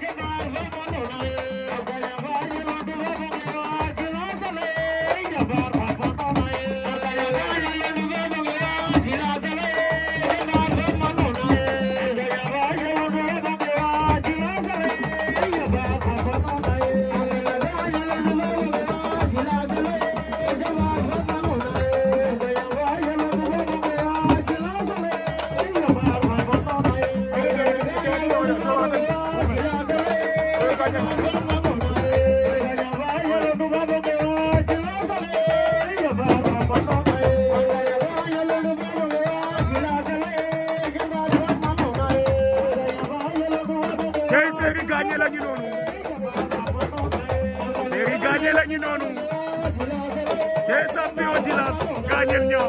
Get down. Séri Gandiel la ñu noonu te champion Djilass Gandiel ñoo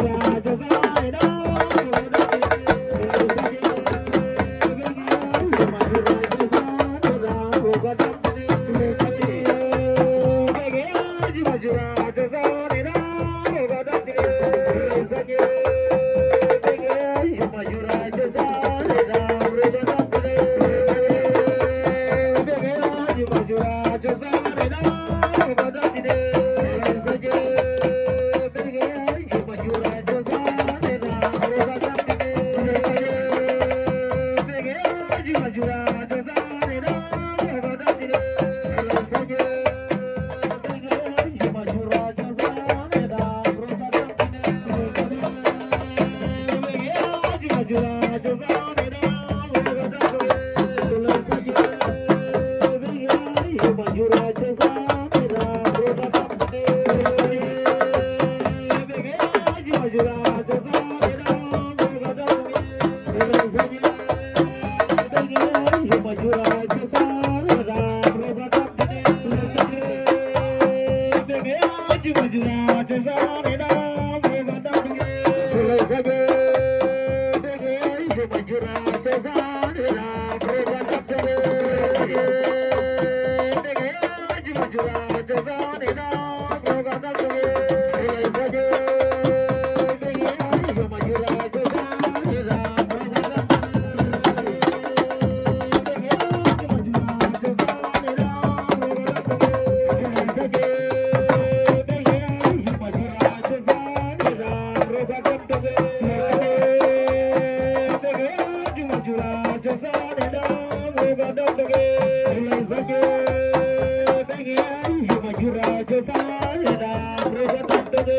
राज ಯುವ ಯುರಾಜ ಸಾವಿರ ಮೃಗ ತಂಡದೇ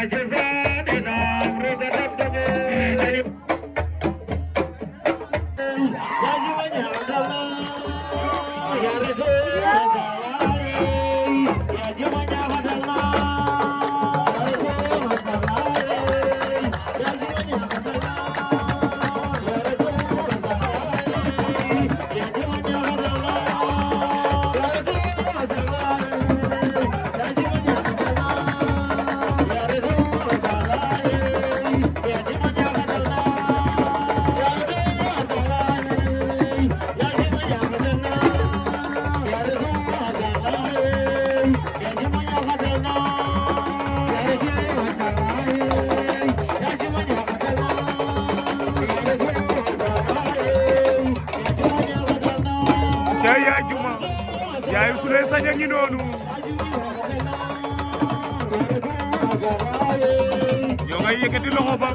yëkkati loxo ba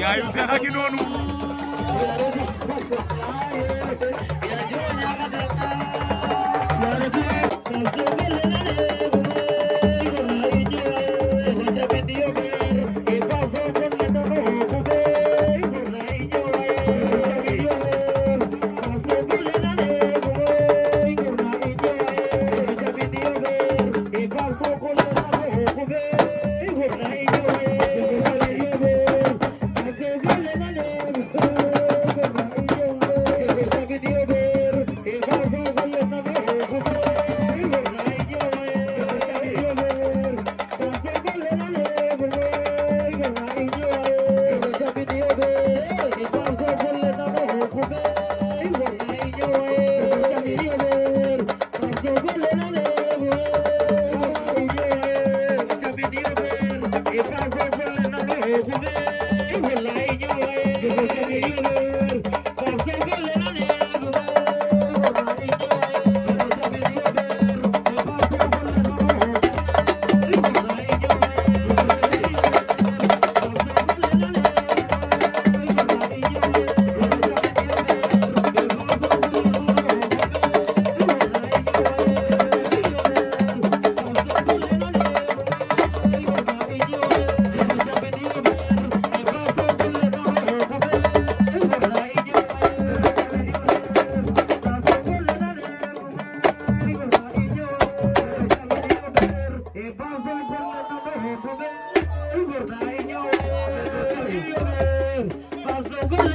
yaayu seex a ngi noonu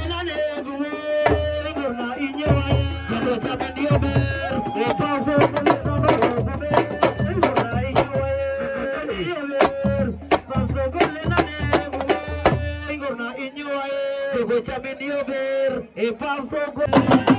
Go, go, go, go, go, go, go, go, go, go, go, go, go, go, go, go,